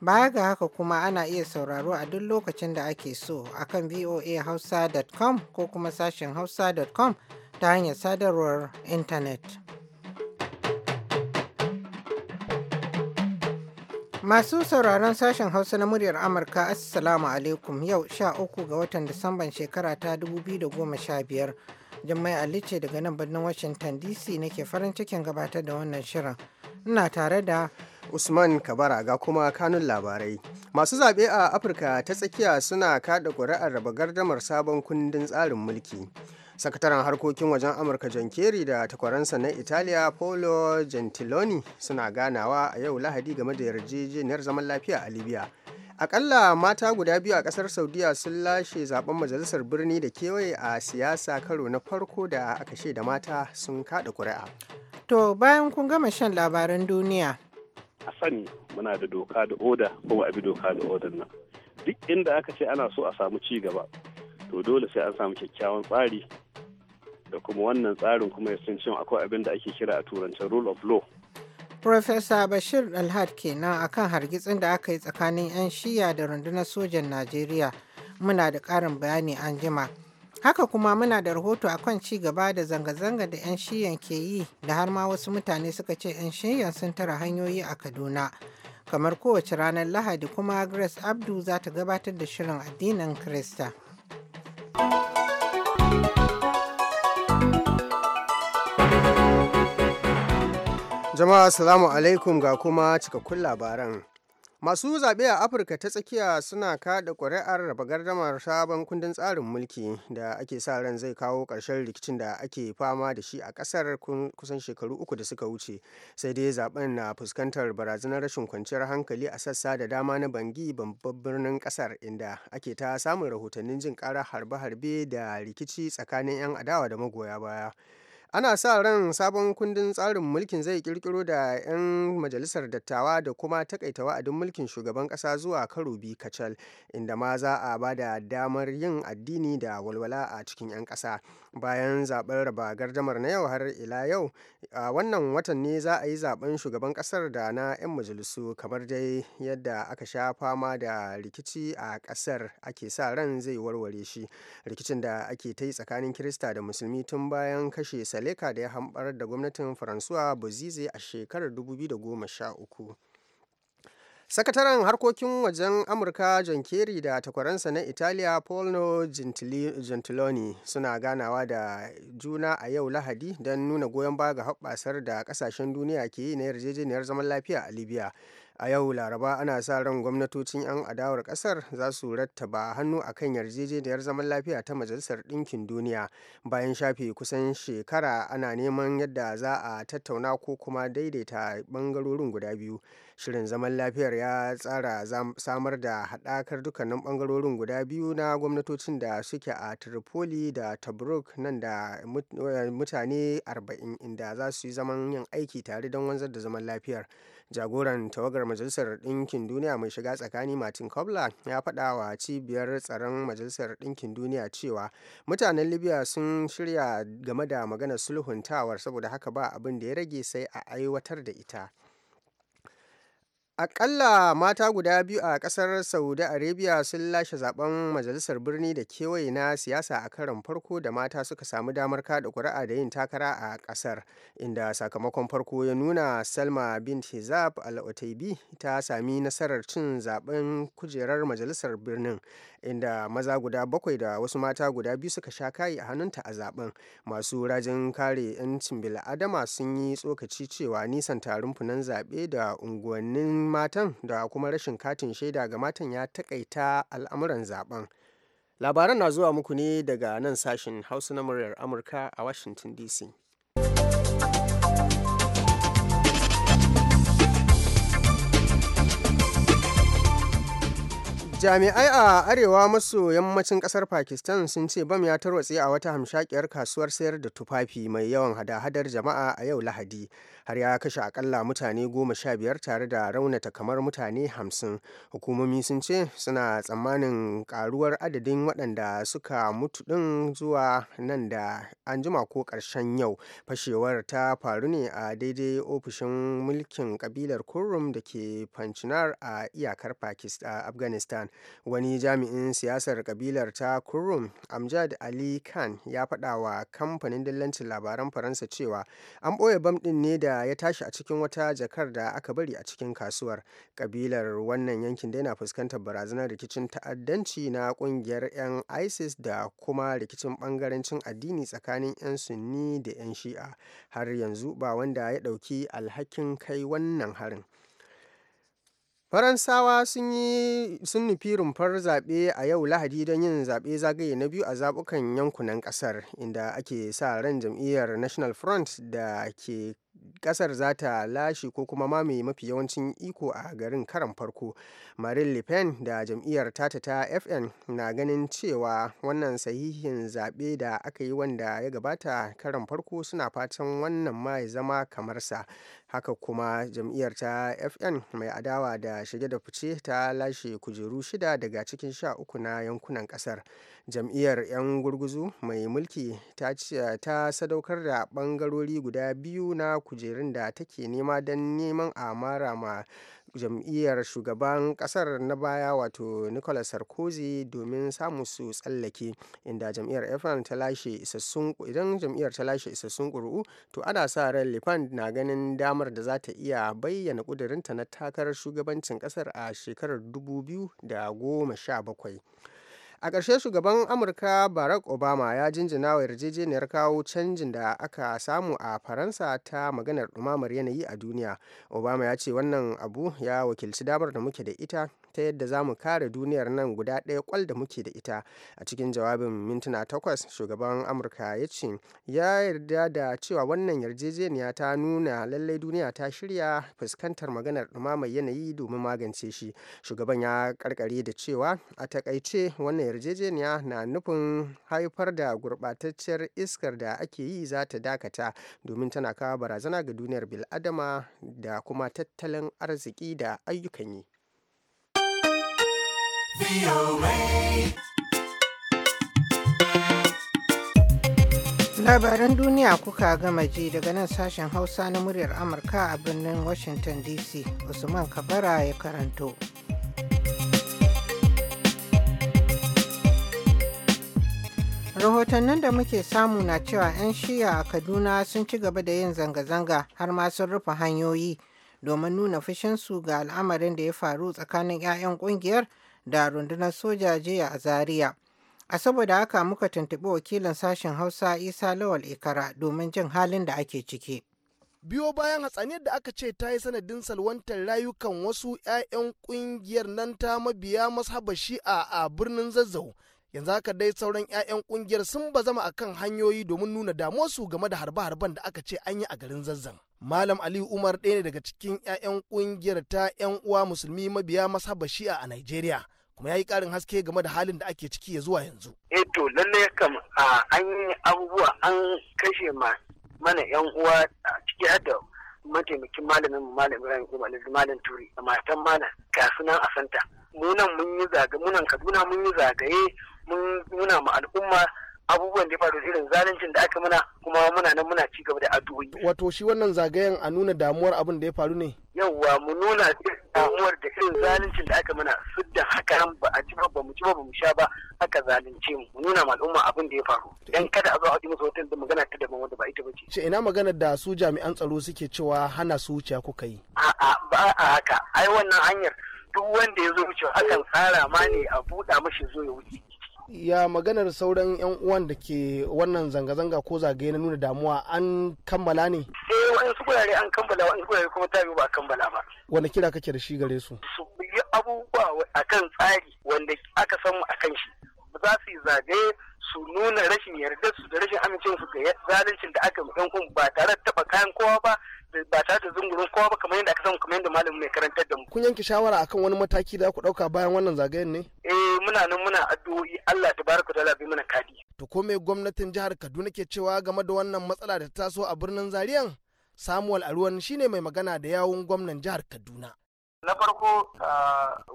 Baya ga haka kuma ana iya sauraro a duk lokacin da ake so a kan voahausa.com ko kuma sashen hausa.com ta hanyar sadarwar intanet. Masu sauraron sashen Hausa na muryar Amurka Assalamu alaikum yau sha uku, ga watan Disamban shekara ta 2015. Jummai Ali ce daga nan birnin Washington DC nake farin cikin gabatar da wannan shirin. Ina tare da Usman Kabara ga kuma kanun labarai. Masu zaɓe a Afirka ta tsakiya suna kaɗa ƙuri'ar raba gardamar sabon kundin tsarin mulki. Sakataren harkokin wajen Amurka John Kerry da takwaransa na Italiya Paolo Gentiloni suna ganawa a yau Lahadi game da yarjejeniyar zaman lafiya a Libya. Akalla mata guda biyu a ƙasar Saudiya sun lashe zaben majalisar birni da kewaye a siyasa karo na farko da aka da mata sun kaɗa ƙuri'a. To bayan kun gama shan labaran duniya, a sani muna da doka da oda ko a bi doka da odan nan duk inda aka ce ana so a samu ci gaba to dole sai an samu kyakkyawan tsari da kuma wannan tsarin kuma ya sun cewa akwai abin da ake kira a turancin rule of law Profesa Bashir Alhad kenan akan hargitsin da aka yi tsakanin 'yan shiya da rundunar sojan Najeriya muna da ƙarin bayani an jima. Haka kuma muna da rahoto kan ci gaba da zanga-zanga da 'yan shiyan ke yi da har ma wasu mutane suka ce 'yan shiyan sun tara hanyoyi a Kaduna. Kamar kowace ranar Lahadi kuma Grace Abdu za ta gabatar da shirin addinin Krista. Jama'a salamu alaikum ga kuma cikakkun labaran. Masu zaɓe a Afirka ta tsakiya suna kaɗa ƙuri'ar raba gardamar sabon kundin tsarin mulki da ake sa ran zai kawo ƙarshen rikicin da ake fama da shi a ƙasar kusan shekaru uku da suka wuce. Sai dai zaɓen na fuskantar barazanar rashin kwanciyar hankali a sassa da dama na Bangi babban birnin ƙasar inda ake ta samun rahotannin jin ƙara harbe-harbe da rikici tsakanin 'yan adawa da magoya baya. ana sa ran sabon kundin tsarin mulkin zai kirkiro da 'yan majalisar dattawa da kuma takaita wa'adin mulkin shugaban kasa zuwa karo bi kacal inda ma za a ba da damar yin addini da walwala a cikin 'yan kasa bayan zaben raba gardamar na yau har ila yau a wannan watan ne za a yi zaben shugaban kasar da na 'yan majalisu kamar dai yadda aka sha fama da rikici a kasar ake sa ran zai warware shi rikicin da ake ta yi tsakanin kirista da musulmi tun bayan kashe Baleka da ya hambar da gwamnatin Faransuwa Bozize a shekarar 2013. sakataren harkokin wajen amurka john kerry da takwaransa na italiya paolo gentiloni suna ganawa da juna a yau lahadi don nuna goyon baya ga hoɓɓasar da ƙasashen duniya ke yi na yarjejeniyar zaman lafiya a libya a yau laraba ana sa ran gwamnatocin 'yan adawar kasar za su rattaba hannu a kan yarjejeniyar zaman lafiya ta majalisar ɗinkin duniya bayan shafe kusan shekara ana neman yadda za a tattauna ko kuma daidaita bangarorin guda biyu shirin zaman lafiyar ya tsara samar da haɗakar dukkanin bangarorin guda biyu na gwamnatocin da suke a tripoli da tobruk nan da mutane 40 inda za su yi zaman yin aiki tare don wanzar da zaman lafiyar jagoran tawagar majalisar ɗinkin duniya mai shiga tsakani martin kobla ya faɗa wa cibiyar tsaron majalisar ɗinkin duniya cewa mutanen libya sun shirya game da maganar sulhuntawar saboda haka ba abin da ya rage sai a aiwatar da ita Akalla mata guda biyu a ƙasar Saudi Arabia sun lashe zaben majalisar birni da kewaye na siyasa a karon farko da mata suka samu damar kada ƙuri'a da yin takara a ƙasar, inda sakamakon farko ya nuna Salma bint Hizab Al Otaibi ta sami nasarar cin zaben kujerar majalisar birnin. inda maza guda bakwai da wasu mata guda biyu suka sha kayi a hannunta a zaben masu rajin kare 'yancin bil'adama sun yi tsokaci cewa nisan tarin funan zaɓe da unguwannin matan da kuma rashin katin shaida ga matan ya takaita al'amuran zaben labaran na zuwa muku ne daga nan sashen hausa na muryar amurka a washington dc jami'ai a arewa maso yammacin kasar pakistan sun ce bam ya tarwatse a wata hamshakiyar kasuwar sayar da tufafi mai yawan hada-hadar jama'a a yau lahadi har ya kashe akalla mutane goma sha biyar tare da raunata kamar mutane hamsin hukumomi sun ce suna tsammanin karuwar adadin waɗanda suka mutu ɗin zuwa nan da an jima ko ƙarshen yau fashewar ta faru ne a daidai ofishin mulkin ƙabilar kurum da ke fancinar a iyakar afghanistan wani jami'in siyasar ƙabilar ta kurum amjad ali khan ya faɗa wa kamfanin dillancin labaran faransa cewa an ɓoye bam ɗin ne da ya tashi a cikin wata jakar da aka bari a cikin kasuwar kabilar wannan yankin da yana fuskantar barazanar rikicin ta'addanci na kungiyar 'yan isis da kuma rikicin bangarancin addini tsakanin 'yan sunni da 'yan shi'a har yanzu ba wanda ya ɗauki alhakin kai wannan harin faransawa sun nufi rumfar zaɓe a yau lahadi don yin zaɓe zagaye na biyu a zaɓukan yankunan ƙasar inda ake sa ran jam'iyyar national front da ke kasar za ta lashe ko kuma mamaye mafi yawancin iko a garin karan farko marine le pen da jam'iyyar tata ta fn na ganin cewa wannan sahihin zaɓe da aka yi wanda ya gabata karan farko suna fatan wannan ma ya zama kamar sa haka kuma jam'iyyar ta fn mai adawa da shige da fice ta lashe kujeru shida daga cikin sha uku na yankunan kasar jam'iyyar 'yan gurguzu mai mulki ta, ta sadaukar da bangarori guda biyu na kujerun da take nema don neman a mara ma jam'iyyar shugaban kasar na baya wato nicolas sarkozy domin samu su tsallake inda jam'iyyar fn ta lashe isassun idan jam'iyyar ta lashe isassun ƙuri'u to ana sa ran lifan na ganin damar da za ta iya bayyana ƙudurinta na takarar shugabancin kasar a shekarar 2017 a ƙarshe shugaban amurka barack obama ya jinjina wa yarjejeniyar kawo canjin da aka samu a faransa ta maganar ɗumamar yanayi a duniya obama ya ce wannan abu ya wakilci damar da muke da ita ta yadda za mu kare duniyar nan guda ɗaya kwal da muke da ita a cikin jawabin mintuna takwas shugaban amurka ya ce ya yarda da cewa wannan yarjejeniya ta nuna lallai duniya ta shirya fuskantar maganar ɗumamar yanayi domin magance shi shugaban ya karkare da cewa a takaice wannan yarjejeniya na nufin haifar da gurɓatacciyar iskar da ake yi za ta dakata domin tana kawo barazana ga duniyar bil'adama da kuma tattalin arziki da ayyukan yi Labaran duniya kuka gama ji daga nan sashen Hausa na muryar Amurka a birnin Washington DC, Usman Kabara ya karanto. rahotannin da muke samu na cewa 'yan shiya a kaduna sun ci gaba da yin zanga-zanga har ma sun rufe hanyoyi domin nuna fushinsu ga al'amarin da ya faru tsakanin 'ya'yan kungiyar da rundunar soja jiya a Zaria. A saboda haka muka tuntuɓi wakilin sashen Hausa Isa Lawal Ikara domin jin halin da ake ciki. biyo bayan hatsaniyar da aka ce ta yi sanadin salwantar rayukan wasu 'ya'yan kungiyar nan ta mabiya mashaba shi'a a birnin zazzau yanzu haka dai sauran 'ya'yan kungiyar sun ba zama a kan hanyoyi domin nuna damuwarsu game da harbe-harben da aka ce an yi a garin zazzau. Malam Ali Umar ɗaya ne daga cikin 'ya'yan kungiyar ta 'yan uwa musulmi mabiya mashaba shi'a a Najeriya. kuma ya yi ƙarin haske game da halin da ake ciki ya zuwa yanzu. Eh to lalle kam an yi abubuwa an kashe ma mana yan uwa a ciki hada mataimakin malamin mu malam Ibrahim Umar malam Turi da matan mana kafin nan a santa. Munan mun yi zagaye Kaduna mun yi zagaye mun nuna ma al'umma abubuwan da ya faru irin zaluncin da aka muna kuma muna nan muna ci gaba da addu'o'i wato shi wannan zagayen a nuna damuwar abin da ya faru ne yawwa mu nuna damuwar da irin zaluncin da aka muna su da haka ba a ci ba mu ci ba mu sha ba aka zalunce mu mu nuna al'umma abin da ya faru dan kada a zo a ji musu wata da magana ta daban wanda ba ita bace shi ina magana da su jami'an tsaro suke cewa hana su wuciya kuka yi a'a ba a haka ai wannan hanyar duk wanda ya zo wuce hakan tsara ma ne a buɗa mashi zo ya wuce ya maganar sauran 'yan uwan da ke wannan zanga-zanga ko zagaye na nuna damuwa an kammala ne? Eh wani su gurare an kammala wani gurare kuma ta ba a kammala ba. Wani kira kake da shi gare su? Su yi abubuwa a kan tsari wanda aka samu kan shi. Za su yi zagaye su nuna rashin yarda su da rashin amincin su ga zaluncin da aka yi ba tare da taba kayan kowa ba ba tare da zungurin kowa ba kamar yadda aka samu kamar yadda malamin mai karantar da mu. Kun yanke shawara akan wani mataki da ku ɗauka bayan wannan zagayen ne? Eh muna nan muna addu'o'i Allah ta baraka ta labi mana kadi. To ko me gwamnatin jihar Kaduna ke cewa game da wannan matsala da ta taso a birnin Zariyan? Samuel Aruwan shine mai magana da yawun gwamnan jihar Kaduna. na farko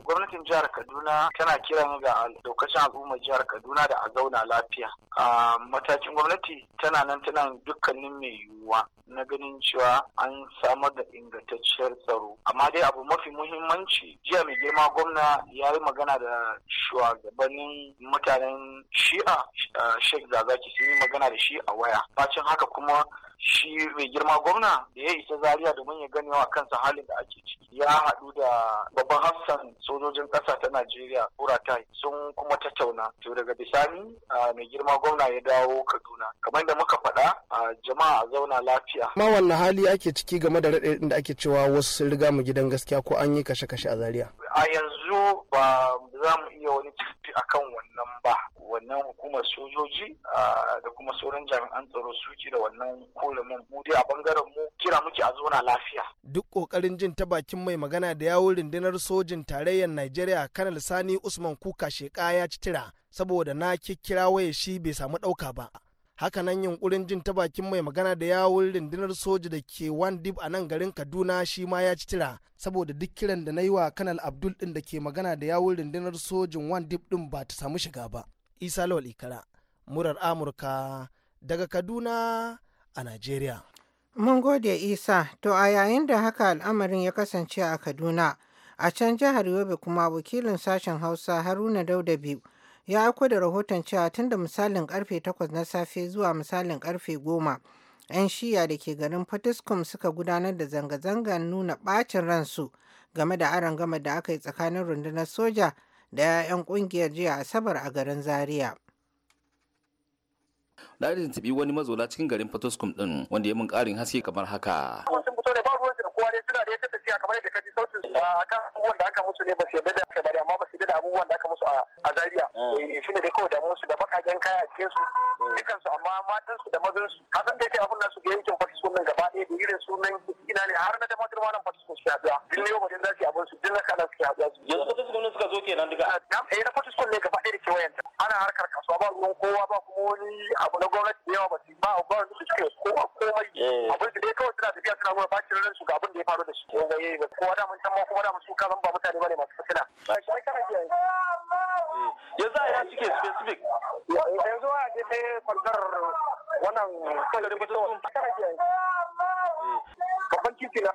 gwamnatin jihar kaduna tana kiran ga lokacin al'ummar jihar kaduna da a zauna lafiya a matakin gwamnati tana nan tana dukkanin mai yiwuwa na ganin cewa an samar da ingantacciyar tsaro amma dai abu mafi muhimmanci jiya mai girma gwamna ya yi magana da shugabannin mutanen shi'a sheikh zazaki sun yi magana da shi a waya bacin haka kuma shi mai girma gwamna da ya isa Zariya domin ya ganewa kansa halin da ake ciki ya haɗu da babban hassan sojojin ƙasa ta najeriya buratai sun kuma tattauna to daga bisani mai girma gwamna ya dawo kaduna kamar da muka faɗa jama'a a zauna lafiya ma wannan hali ake ciki game da raɗaɗin da ake cewa wasu sun riga mu gidan gaskiya ko an yi kashe-kashe a Zariya? a yanzu ba za mu iya wani tafi akan wannan ba wannan hukumar sojoji da kuma sauran jami'an tsaro suke da wannan ko hurumin mu dai a bangaren mu kira muke a zona lafiya. Duk kokarin jin ta bakin mai magana da yawun rundunar sojin tarayyar Najeriya Kanal Sani Usman Kuka sheka ya ci tira saboda na kikkira waya shi bai samu ɗauka ba. Hakanan yunkurin jin ta bakin mai magana da yawun rundunar soji da ke wan dib a nan garin Kaduna shi ma ya ci tira saboda duk kiran da na yi wa Kanal Abdul din da ke magana da yawun rundunar sojin wan dib ɗin ba ta samu shiga ba. Isa Lawal Ikara, murar Amurka daga Kaduna a Najeriya. Mun gode Isa, to a yayin da haka al'amarin ya kasance a Kaduna, a can jihar Yobe kuma wakilin sashen Hausa Haruna Dauda biyu ya aiko da rahoton cewa tun da misalin karfe 8 na safe zuwa misalin karfe 10 'yan shiya da ke garin Fatiskum suka gudanar da zanga-zangar nuna bacin ransu game da aron gama da aka yi tsakanin rundunar soja da 'ya'yan kungiyar jiya Asabar a garin Zaria. na tuntubi wani mazola cikin garin Fatoskum din wanda ya mun karin haske kamar haka. dai suna da yadda tafiya kamar yadda sautin a kan abubuwan da aka musu ne ba su da aka bari amma ba su yarda da abubuwan da aka musu a Zaria eh. eh, shi ne dai kawai damuwar su da bakajen kaya a cikin su dukan su amma matan su da mazan su hasan da yake abun nasu da yankin fatisko nan gaba ɗaya da irin sunan ina ne har na da matar wannan fatisko su yaduwa duk yau wajen za su su duk na kanan su biya. su yanzu fatisko ne suka zo kenan duka eh, eh na fatisko ne gaba ɗaya da kewayenta ana harkar kasuwa ba ruwan kowa ba kuma wani abu na gwamnati da yawa ba su ba ba wani su suke kowa komai abin da dai kawai suna tafiya suna nuna bacin ran su ga abin da ya faru da shi wanda ya yi ba da mun san ma kuma da mun suka ka ba mutane bane masu fitina eh, yanzu a ya cike specific yanzu a ce sai kwantar wannan kwantar eh. babban titi na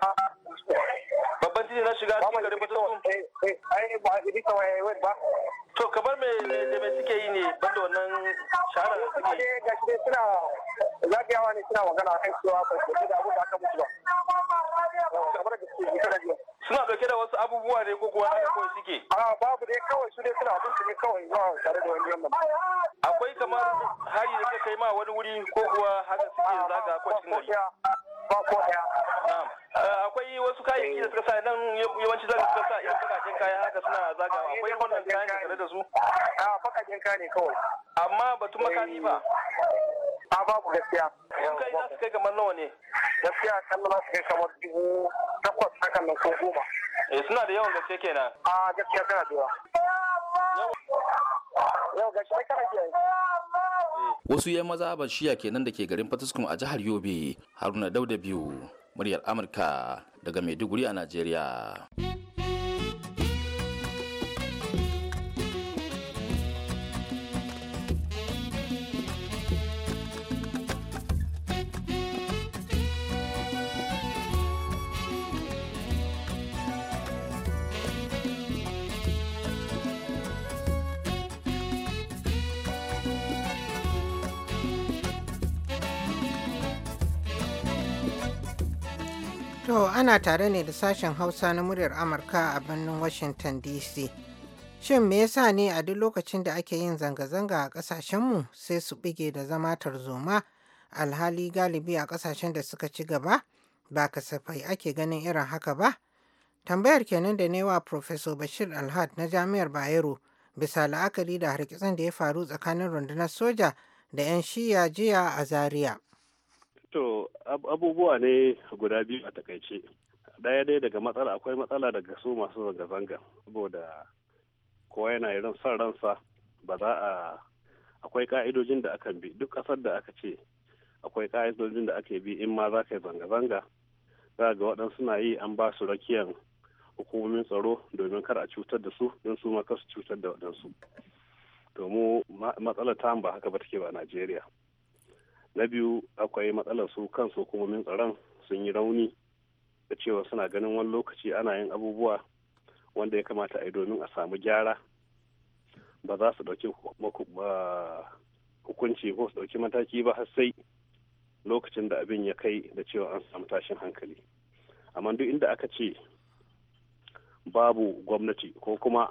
babban titi na shiga cikin garin batutun eh, ai ba idi ta waye wai ba to kamar me ne me suke yi ne banda wannan shahara da suke ga shi suna zagayawa ne suna magana kan cewa ba su da abu da aka mutu ba suna dauke da wasu abubuwa ne ko kuwa haka kawai suke a babu dai kawai su ne suna abinci ne kawai ba tare da wani yamma akwai kamar hari da ka kai ma wani wuri ko kuwa haka suke zaga kwacin gari ba ko daya eh, akwai wasu kayayyaki da suka sa nan yawanci zaga suka sa irin bakajen kaya haka suna zaga akwai wannan kayan da tare da su a bakajen kaya ne kawai amma batun makami ba a babu gaskiya kai za su kai kamar nawa ne gaskiya kallon za su kai kamar dubu takwas hakan nan ko goma eh suna da yawan gaske kenan a gaskiya tana da yawa yau ga shi kana jiya wasu yan maza shiya kenan da ke garin fataskum a jihar yobe haruna dauda biyu muryar amurka daga maiduguri a najeriya To ana tare ne da sashen Hausa na muryar Amurka a birnin Washington DC. Shin me yasa ne a duk lokacin da ake yin zanga-zanga a ƙasashenmu sai su bige da zama tarzoma alhali galibi a ƙasashen da suka ci gaba ba kasafai ake ganin irin haka ba? Tambayar kenan da ne wa Professor Bashir Alhad na Jami'ar Bayero bisa la'akari da hargitsin da ya faru tsakanin rundunar soja da 'yan shiya jiya a Zaria. To abubuwa ne guda biyu a takaice. Daya dai daga matsala akwai matsala daga su masu zanga-zanga saboda kowa yana irin son ransa ba za a akwai ka'idojin da akan bi duk ƙasar da aka ce akwai ka'idojin da ake bi in ma za ka yi zanga-zanga za ga waɗansu na yi an ba su rakiyan hukumomin tsaro domin kar a cutar da su don su ma kasu cutar da waɗansu. domin matsalar ta ba haka ba take ba Najeriya. na biyu akwai matsalar su kan kansu hukumomin tsaron sun yi rauni da cewa suna ganin wani lokaci ana yin abubuwa wanda ya kamata a yi domin a samu gyara ba za su ɗauki hukunci ko su ɗauki mataki ba har sai lokacin da abin ya kai da cewa an samu tashin hankali amma duk inda aka ce babu gwamnati ko kuma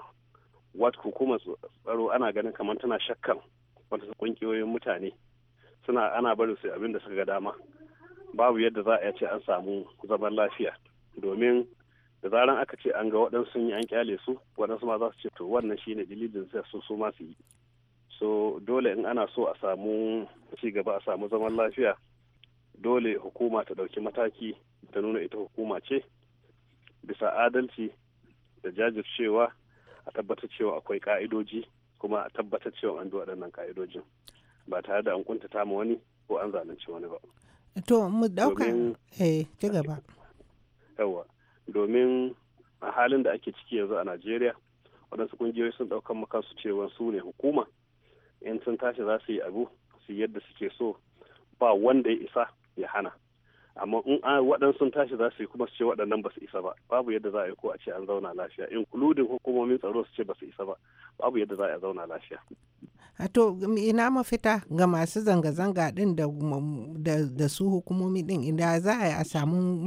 wata hukumar tsaro ana ganin kamar tana shakkan wata kungiyoyin mutane suna ana barin su abin da suka ga dama babu yadda za a ce an samu zaman lafiya domin da zaran aka ce an ga waɗansu sun yi an kyale su waɗansu ma za su ce to wannan shine dalilin sai su su ma su yi so dole in ana so a samu ci gaba a samu zaman lafiya dole hukuma ta ɗauki mataki ta nuna ita hukuma ce bisa adalci da jajircewa a tabbatar cewa akwai ka'idoji kuma a tabbatar cewa an bi waɗannan ka'idojin ba tare da an kuntata ma wani ko an zalunci wani ba to mu dauka eh ci gaba yawa domin a halin da ake ciki yanzu a Najeriya waɗansu kungiyoyi sun ɗauka maka su cewa su ne hukuma in sun tashi za su yi abu su yadda suke so ba wanda ya isa ya hana amma in waɗansu sun tashi za su yi kuma su ce waɗannan ba su isa ba babu yadda za a yi ko a ce an zauna lafiya including hukumomin tsaro su ce ba su isa ba babu yadda za a zauna lafiya a to ina mafita ga masu zanga-zanga ɗin da, su hukumomi ɗin inda za a yi a samu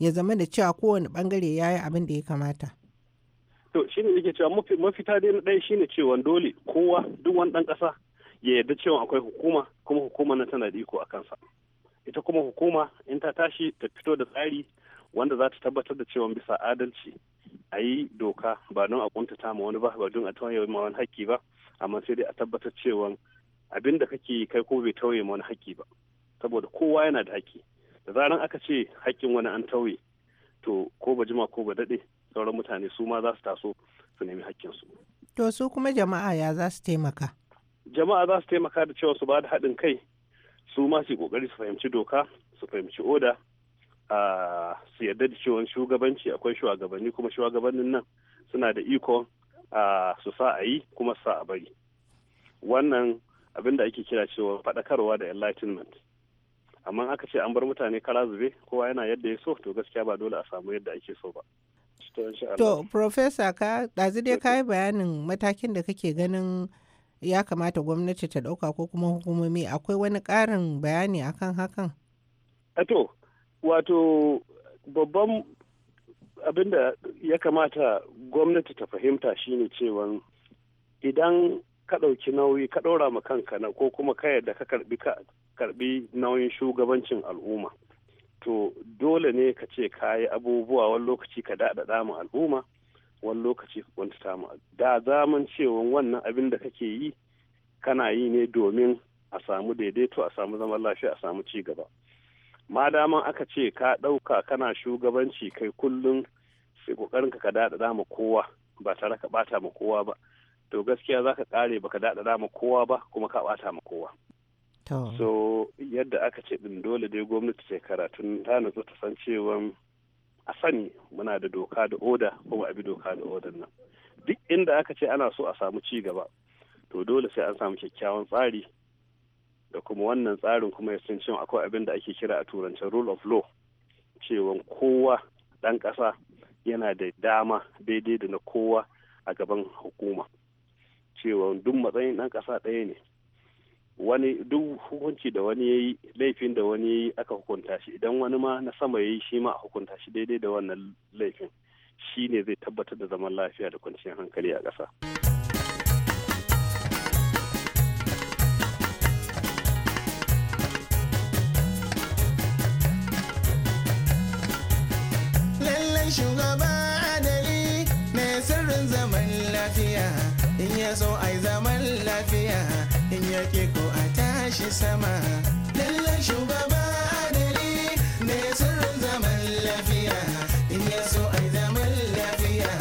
ya zama da cewa kowane bangare ya yi abin da ya kamata to shi ne nake cewa mafita dai na ɗaya shi ne cewa dole kowa duk wani ɗan ƙasa ya yarda cewa akwai hukuma kuma hukumar na tana da iko a kansa ita kuma hukuma in ta tashi ta fito da tsari wanda za ta tabbatar da cewa bisa adalci a yi doka ba don a kuntata ma wani ba ba don a tauye ma wani haƙƙi ba amma sai dai a tabbatar cewa abin da kake kai ko bai tauye ma wani haƙƙi ba saboda kowa yana da haƙƙi da zaran aka ce haƙƙin wani an tauye to ko ba jima ko ba daɗe sauran mutane su ma za su taso su nemi haƙƙinsu. To su kuma jama'a ya za su taimaka? Jama'a za su taimaka da cewa su ba da haɗin kai su ma su kokari su fahimci doka su fahimci oda a su yarda da cewa shugabanci akwai shugabanni kuma shugabannin nan suna da iko a su sa a yi kuma sa a bari wannan abin da ake kira cewa faɗakarwa da enlightenment amma aka ce an bar mutane kara zube kowa yana yadda ya so to gaskiya ba dole a samu yadda ake so ba to professor ka ɗazu dai ka yi bayanin matakin da kake ganin ya kamata gwamnati ta ɗauka ko kuma hukumomi akwai wani ƙarin bayani akan hakan? Ato, eh wato babban abin da ya kamata gwamnati ta fahimta shine cewa idan ka ɗauki nauyi ka ɗora ma kanka na ko kuma ka yarda ka karɓi nauyin shugabancin al'umma to dole ne ka ce ka yi abubuwa wani lokaci ka daɗaɗa ma al'umma wani lokaci ka kwantata mu da zaman cewa wannan abin da kake yi kana yi ne domin a samu daidaito a samu zaman lafiya a samu ci gaba ma daman aka ce ka ɗauka kana shugabanci kai kullum sai kokarin ka daɗa ma kowa ba tare ka ɓata ma kowa ba to gaskiya za ka ƙare ba ka daɗa ma kowa ba kuma ka ɓata ma kowa so yadda aka ce ɗin dole dai gwamnati ce karatun ta nutsu ta san cewa a sani muna da doka da oda kuma a bi doka da odan nan duk inda aka ce ana so a samu ci gaba to dole sai an samu kyakkyawan tsari da kuma wannan tsarin kuma ya san cewa akwai abin da ake kira a turancin rule of law cewa kowa ɗan ƙasa yana da dama daidai da na kowa a gaban hukuma cewa duk matsayin ɗan ƙasa ɗaya ne wani duk hukunci da wani yayi laifin da wani yayi aka hukunta shi idan wani ma na sama yayi shi ma a hukunta shi daidai da wannan laifin shi ne zai tabbatar da zaman lafiya da kwanciyar hankali a ƙasa. Lallai shugaba adali mai sirrin zaman lafiya in ya ai zaman lafiya in yake ko a tashi sama lallan shugaba adali ne sirrin zaman lafiya in ya so a zaman lafiya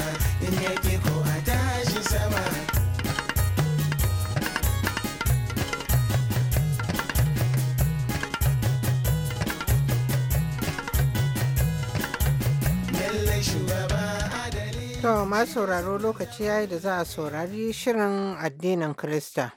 in yake ko a tashi sama lallan shugaba adali to ma sauraro lokaci ya yi da za a saurari shirin addinin Kirista.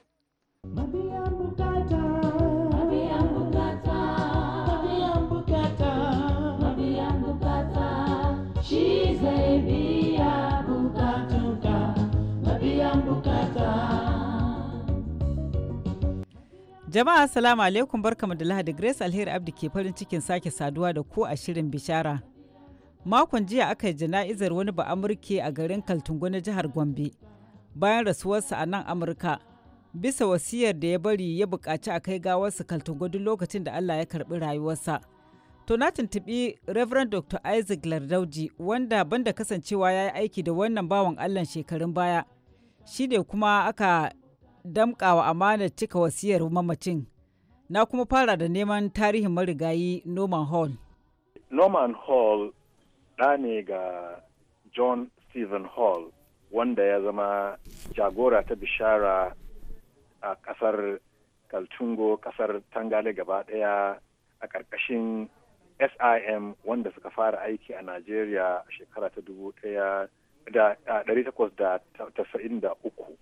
Jama'a salamu alaikum barkamu da Lahadi Grace Alheri Abdi ke farin cikin sake saduwa da ko a shirin bishara. Makon jiya aka yi jana'izar wani ba'amurke a garin Kaltungo na jihar Gombe bayan rasuwarsa a nan Amurka. Bisa wasiyar da ya bari ya buƙaci a kai gawarsa Kaltungo duk lokacin da Allah ya karɓi rayuwarsa. To na tuntubi Reverend Dr. Isaac Lardauji wanda banda kasancewa ya yi aiki da wannan bawan Allah shekarun baya. Shi ne kuma aka damƙawa amanar cika wasiyar mamacin. Na kuma fara da neman tarihin marigayi Norman Hall. Norman Hall ɗa ne ga John Stephen Hall wanda ya zama jagora ta bishara a ƙasar Kaltungo, ƙasar Tangale gaba ɗaya a ƙarƙashin SIM wanda suka fara aiki a Najeriya a shekara ta dubu da ɗari da uku.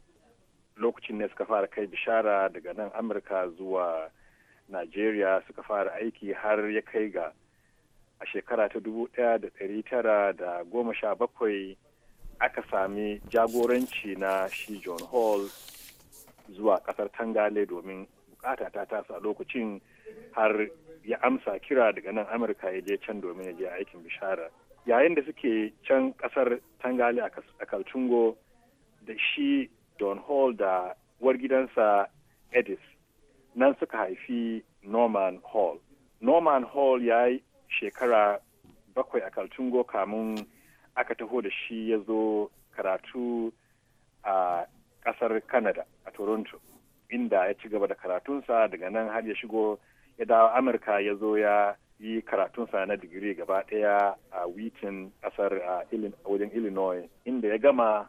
lokacin ne suka fara kai bishara daga nan amurka zuwa najeriya suka fara aiki har ya kai ga a shekara ta dubu ɗaya da ɗari tara da goma sha bakwai aka sami jagoranci na shi john hall zuwa ƙasar tangale domin bukata ta tasa a lokacin har ya amsa kira daga nan amurka ya je can domin ya je aikin bishara yayin da suke can ƙasar tangale a kaltungo da shi don hall da uwar gidansa edis nan suka haifi norman hall norman hall ya yi shekara bakwai a kaltungo kamun aka taho da shi ya zo karatu a kasar canada a toronto inda ya ci gaba da karatunsa daga nan har ya shigo ya dawo amurka ya zo ya yi karatunsa na digiri gaba daya a witin ƙasar wajen illinois inda ya gama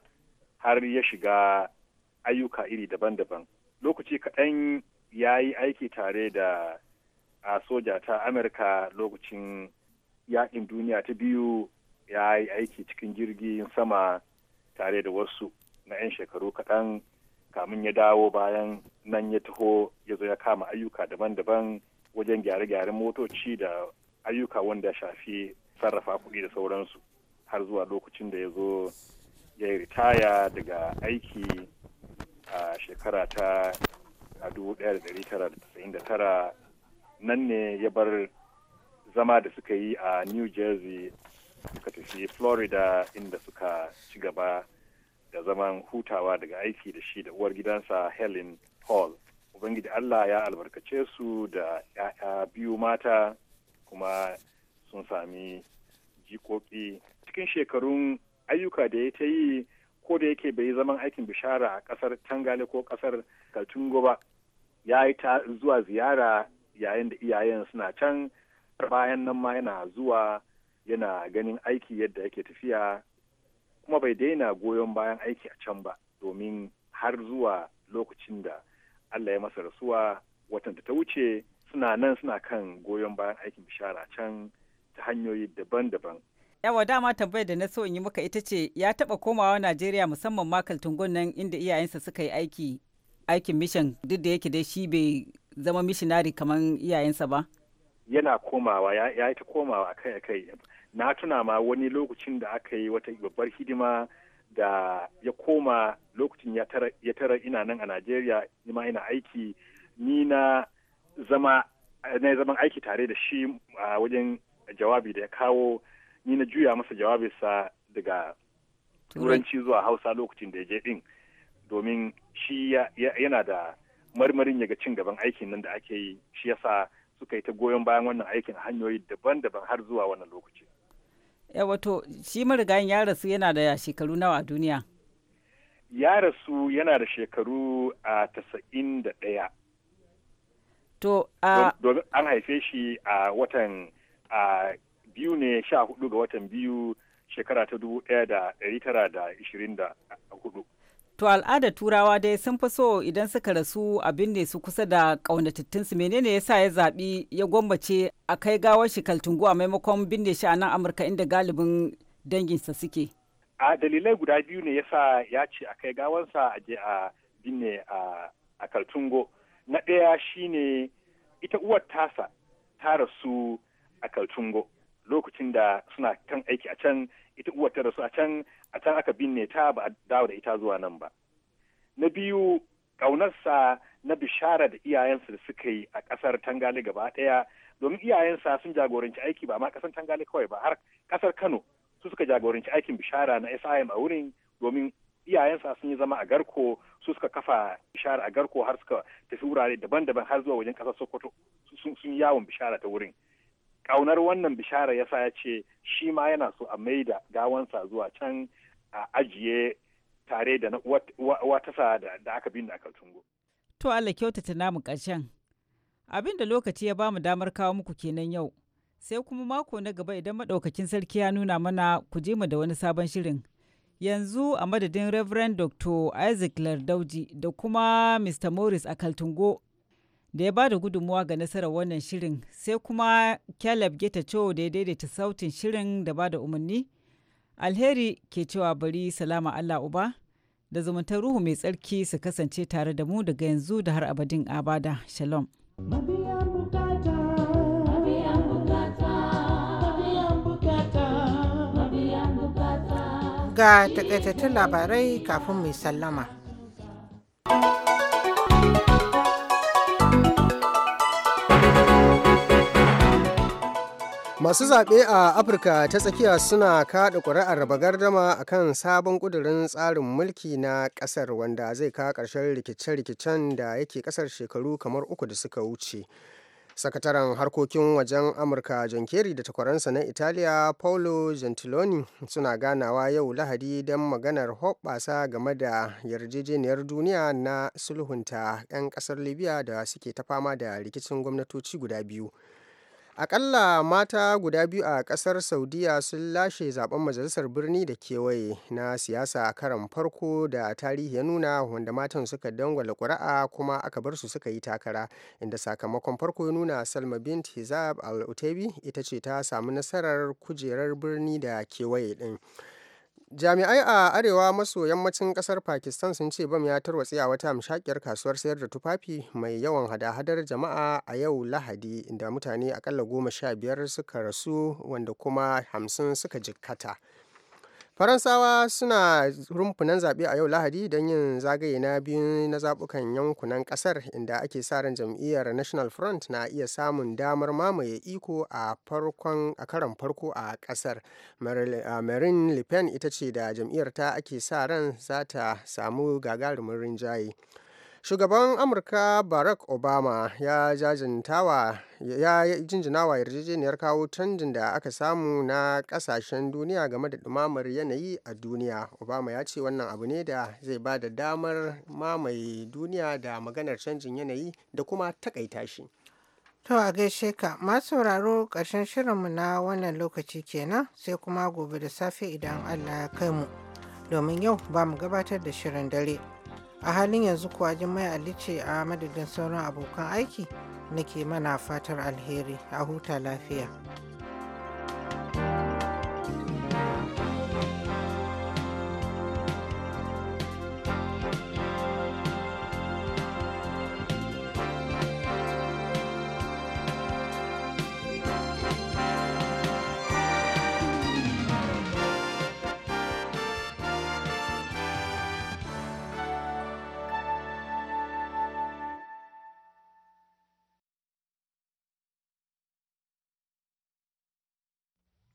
har ya shiga ayyuka iri daban-daban lokaci kaɗan ya yi aiki tare da a soja ta amurka lokacin yaƙin duniya ta biyu ya yi aiki cikin jirgin sama tare da wasu na 'yan shekaru kaɗan kamun ya dawo bayan nan ya taho ya zo ya kama ayyuka daban-daban wajen gyare-gyaren motoci da ayyuka wanda shafi sarrafa kuɗi da sauransu har zuwa lokacin da ya zo ya yi ritaya daga aiki a shekara ta 1999 nan ne ya bar zama da suka yi a new jersey suka tafi florida inda suka ci gaba da zaman hutawa daga aiki da shi da uwar gidansa helen paul ubangiji allah ya albarkace su da 'ya'ya biyu mata kuma sun sami jikoki cikin shekarun ayyuka da ya ta yi ko da yake bai zaman aikin bishara a kasar tangale ko kasar kaltungo ba ya yi ta zuwa ziyara yayin da iyayen suna can bayan nan ma yana zuwa yana ganin aiki yadda yake tafiya kuma bai daina goyon bayan aiki a can ba domin har zuwa lokacin da Allah ya masa rasuwa watan da ta wuce suna nan suna kan goyon bayan aikin bishara can ta hanyoyi daban-daban yawa dama tambayar da na so in yi maka ita ce ya taba komawa najeriya musamman ma kaltungun nan inda iyayensa suka yi aiki aikin mishan duk da yake dai shi bai zama mishinari kamar iyayensa ba yana komawa ya yi ta komawa akai akai na tuna ma wani lokacin da aka yi wata babbar hidima da ya koma lokacin ya tara ina nan a najeriya ina ina aiki ni na zama aiki tare da shi a wajen jawabi da ya kawo ni na juya masa jawabinsa daga turanci zuwa hausa lokacin da ya je din domin shi yana da marmarin ya ga cin gaban aikin nan da ake yi shi yasa suka yi ta goyon bayan wannan aikin hanyoyi daban-daban har zuwa wannan lokaci. Ya eh, wato shi marigayin ya rasu yana da shekaru nawa a duniya? Ya rasu yana da shekaru a tasa'in da ɗaya. To a... Domin an haife shi a watan a biyu ne sha hudu ga watan biyu shekara ta dubu ɗaya da ɗari tara da ishirin da hudu. To al'adar turawa dai sun fi so idan suka rasu abin ne su kusa da ƙaunatattunsu menene ya sa ya zaɓi ya gwammace a kai gawar shi kaltungu a maimakon binne shi a nan Amurka inda galibin danginsa suke. A dalilai guda biyu ne yasa ya ce a kai gawansa a je a binne a kaltungo. Na ɗaya shine ita uwar tasa ta rasu a kaltungo. lokacin da suna kan aiki a can ita uwar ta rasu a can a can aka binne ta ba a dawo da ita zuwa nan ba na biyu ƙaunarsa na bishara da iyayensa da suka yi a ƙasar tangale gaba ɗaya domin iyayensa sun jagoranci aiki ba ma ƙasar tangale kawai ba har ƙasar kano su suka jagoranci aikin bishara na sim a wurin domin iyayensa sun yi zama a garko su suka kafa bishara a garko har suka tafi wurare daban-daban har zuwa wajen ƙasar sokoto sun yawon bishara ta wurin kaunar wannan bishara yasa ya ce shi ma yana so a mai da gawansa zuwa can a ajiye tare da watasa da aka bin da aka tungo. To Allah kyautata namu ƙarshen. Abin da lokaci ya bamu damar kawo muku kenan yau. Sai kuma mako na gaba idan maɗaukakin sarki ya nuna mana ku je mu da wani sabon shirin. Yanzu a madadin Reverend Dr. Isaac Lardauji da kuma Mr. Morris a Kaltungo da ya bada gudunmuwa ga nasarar wannan shirin sai kuma Caleb Geta Cho da ya daidaita sautin shirin da bada umarni. Alheri ke cewa bari salama Allah Uba da zumuntar Ruhu mai tsarki su kasance tare da mu daga yanzu da har abadin abada. Shalom. Ga takaitattun labarai kafin mai sallama. masu zaɓe a afirka ta tsakiya suna kaɗa ƙuri'ar bagardama a kan sabon ƙudurin tsarin mulki na ƙasar wanda zai kawo ƙarshen rikice-rikicen da yake ƙasar shekaru kamar uku da suka wuce sakataren harkokin wajen amurka john kerry da takwaransa na italiya paolo gentiloni suna ganawa yau lahadi don maganar hoɓɓasa game da yarjejeniyar duniya na sulhunta 'yan ƙasar libya da suke ta fama da rikicin gwamnatoci guda biyu akalla mata guda biyu a kasar saudiya sun lashe zaben majalisar birni da kewaye na siyasa a karan farko da tarihi ya nuna wanda matan suka dangwala ƙuri'a kuma aka bar su suka yi takara inda sakamakon farko ya nuna salma bint hizab al-utebi ita ce ta samu nasarar kujerar birni da kewaye din. jami'ai a arewa maso yammacin kasar pakistan sun ce bam ya tarwatse a wata hamshakiyar kasuwar sayar da tufafi mai yawan hada-hadar jama'a a yau lahadi inda mutane akalla goma sha biyar suka rasu wanda kuma hamsin suka jikkata Faransawa suna rumfunan zaɓe a yau Lahadi don yin zagaye na biyu na zaɓukan yankunan ƙasar inda ake sa ran jam'iyyar National Front na iya samun damar mamaye iko a karon farko a ƙasar. Marine Le Pen ita ce da jam'iyyar ta ake sa ran za ta samu gagarumin rinjaye. shugaban amurka barack obama ya jajintawa ya jinjinawa yarjejeniyar kawo canjin da aka samu na kasashen duniya game da dumamar yanayi a duniya obama ya ce wannan abu ne da zai ba da damar mamaye duniya da maganar canjin yanayi da kuma takaita shi To a gaishe ka ma sauraro ƙarshen shirinmu na wannan lokaci kenan sai kuma gobe da safe idan Allah ya kai mu domin yau ba mu gabatar da shirin dare. a halin yanzu kuwa Jummai alice ce a madadin sauran abokan aiki nake mana fatar alheri a huta lafiya.